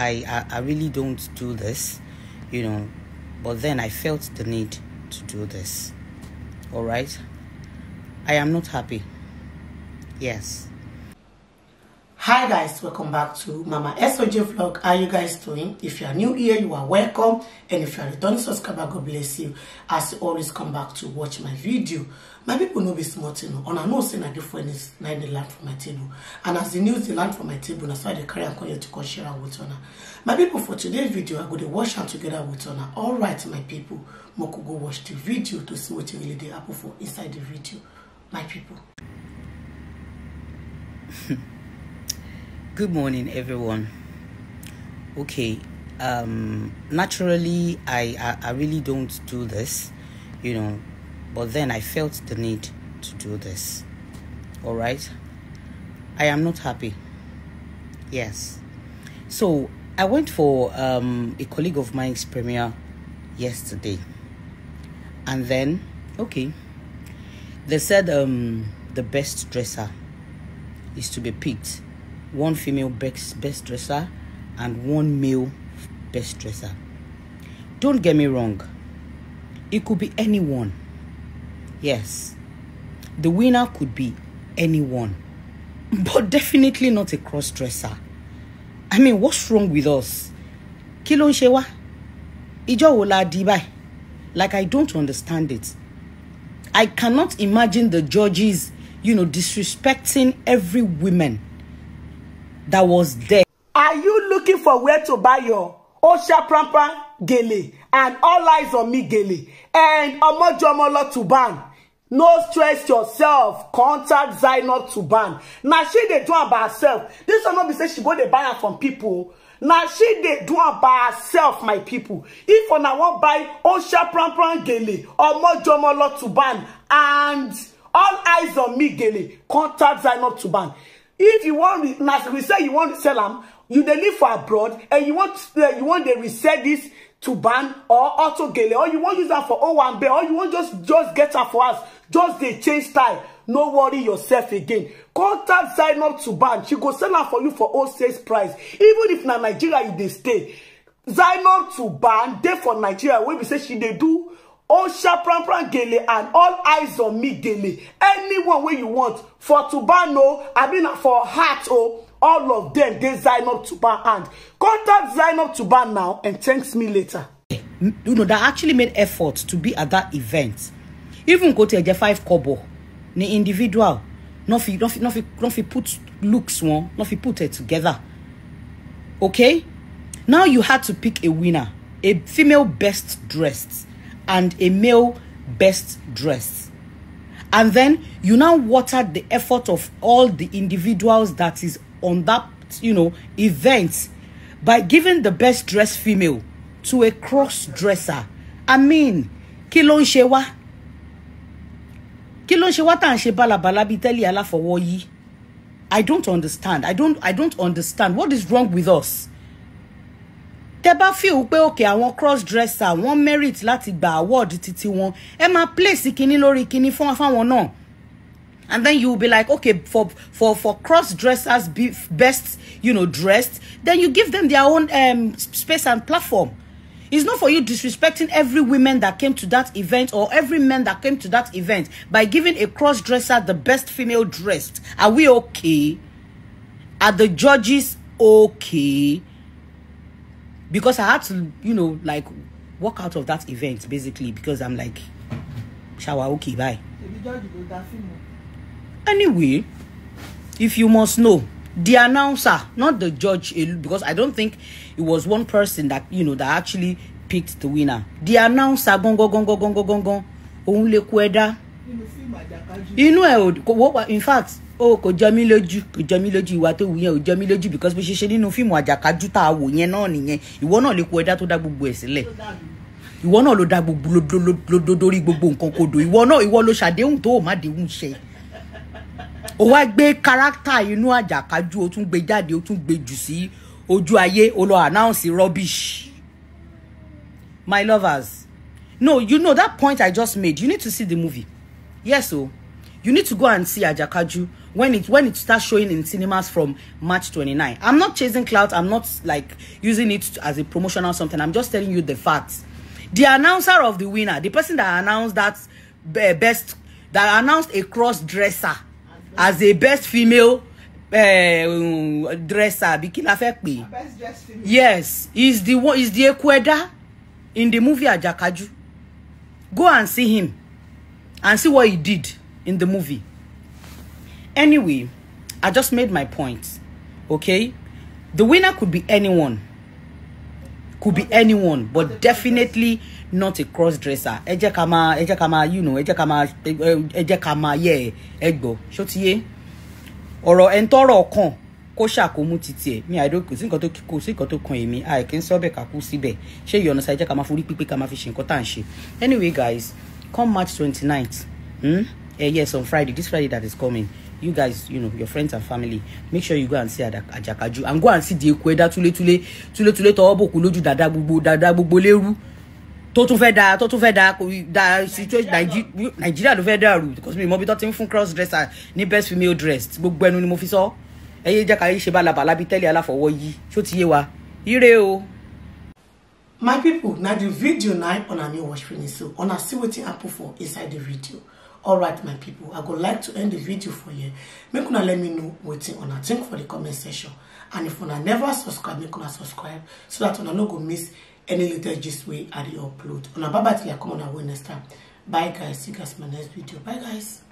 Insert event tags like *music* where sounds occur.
I, I, I really don't do this, you know, but then I felt the need to do this. All right? I am not happy. Yes. hi guys welcome back to mama soj vlog how you guys doing if you are new here you are welcome and if you are returning subscriber god bless you as you always come back to watch my video my people no be small thing on i know say I different is na dey land for my table and as the news the land for my table na so i carry and call you to come share am with una my people for today's video i go to wash am together with una all right my people moko go watch the video to see wetin really dey happen for inside the video my people. *laughs* good morning everyone okay um naturally I, I, I really don't do this you know but then i felt the need to do this all right i am not happy yes so i went for um a colleague of mine's premiere yesterday and then okay they said um the best dresser is to be picked one female best, best dresser and one male best dresser. Don't get me wrong, it could be anyone. Yes, the winner could be anyone, but definitely not a cross dresser. I mean, what's wrong with us? Kí ló ń ṣe wá? di báyìí? Like, I don't understand it. I cannot imagine the judges, you know, disrespecting every woman that was there. Are you looking for where to buy your Osha Prampa Gele and All Eyes on Me Gele and Omojomolo Tuban? No stress yourself. Contact Zainab Tuban. Now she dey do it by herself. This one no be say she go dey buy am from people. Now she dey do it by herself, my people. If una wan buy Osha Prampa Gele, or Omojomolo Tuban and All Eyes on Me Gele, contact Zainab Tuban if you want, as we say, you wan sell them, you dey live for abroad and you want uh, you want dey resell this ban or auto gele or you want use am for owambe or you want just just get am for house just dey change style no worry yourself again contact zainab ban. she go sell am for you for wholesale price even if na nigeria you dey stay zainab ban. dey for nigeria wey be say she dey do o shapranpran gele and all eyes on me gele anyone wey you want for tubano i mean for heart o oh. all of dem dey zainab tuban hand contact sign zainab tuban now and thanks me later. you know that actually made effort to be at that event even go to ẹjẹ five kobo ni individual no fi no fi no fi no fi put looks one, no fi put it together okay now you had to pick a winner a female best dressed and a male best dress. And then you now water the effort of all the individuals that is on that, you know, event by giving the best dressed female to a cross dresser. I mean, kí ló ń ṣe wá? kí ló ń ṣe wá tá à I don't understand I don't I don't understand what is wrong with us tẹ bá fíìwù pé òkè àwọn cross dresser wọn merit láti gba award títí wọn ẹ máa place kinní lórí kinní fún fáwọn náà and then you be like okay for for for cross dressers be best you know dressed then you give them their own um, space and platform it's not for you disrespecting every woman that came to that event or every man that came to that event by giving a cross dresser the best female dressed are we okay are the judges okay because I had to, you know, like walk out of that event basically because I'm like, shower, okay, bye. Anyway, if you must know, the announcer, not the judge, because I don't think it was one person that, you know, that actually picked the winner. The announcer, gong, gong, gong, gong, gong, gong, gong, òun lè kú ẹ̀dá inú ẹ kò wọ́pọ̀ in fact o kò jọ mí lójú kò jọ mí lójú ìwà tó wù yẹn ò jọ mí lójú because bó ṣe ṣe nínú fíìmù àjàkájú tá a wò yẹn náà nìyẹn ìwọ náà lè kó ẹ̀dá tó dá gbogbo ẹ̀ sílẹ̀ ìwọ náà ló dá gbogbo lódórí gbogbo nǹkan kodò ìwọ náà ìwọ ló ṣàdéhùn tó ò má déhùn ṣe o wá gbé kárákítà inú àjàkájú o tún gbé jáde o tún gbé jù sí ojú ayé o lọ announce rubbish my lovers no you know that point i just made you need to see the movie Yes, so you need to go and see Ajakaju when it when it starts showing in cinemas from March 29. I'm not chasing clout. I'm not like using it as a promotional something. I'm just telling you the facts. The announcer of the winner, the person that announced that best that announced a cross dresser as a best female uh, dresser bikila fekpe yes is the one is the equeda in the movie Ajakaju go and see him and see what he did in the movie. Anyway, I just made my point. Okay? The winner could be anyone. Could be anyone, but definitely not a cross dresser. Eje kama, you know, eje kama, yeah, ego. Shotiye. Ọ̀rọ̀ entoro kan kó ṣàkómú títí ẹ mi àìdó kò sí nǹkan tó kò sí nǹkan tó kan èmi àìkí ń sọ bẹ́ẹ̀ kama fishing síbẹ̀ anyway guys come March 29th, hmm? Uh, yes, on Friday, this Friday that is coming, you guys, you know, your friends and family, make sure you go and see Ajakaju and go and see the Ekweda Tule Tule Tule Tule to Oboku lójú dada gbogbo dada gbogbo lérú. tó tún fẹ́ da tó tún fẹ́ da da situation nàìjíríà ló fẹ́ dàrú because mi mọ bí tó ti ń fún cross dresser ní best female dress gbogbo ẹnu ni mo fi sọ ẹ yé jẹ́ ká yé ṣe bálabàlà bíi tẹ́lẹ̀ aláfọwọ́ yìí ṣó ti yé wa ire o my people, now the video night on a new watch finish so on a see wetin happen for inside the video All right, my people, i go like to end the video for you. make una let me know what on una think for the comment section and if una never subscribe make una subscribe so dat una no go miss any latest gist way i dey upload una bye bye till i come on our next time bye guys see you guys in my next video bye guys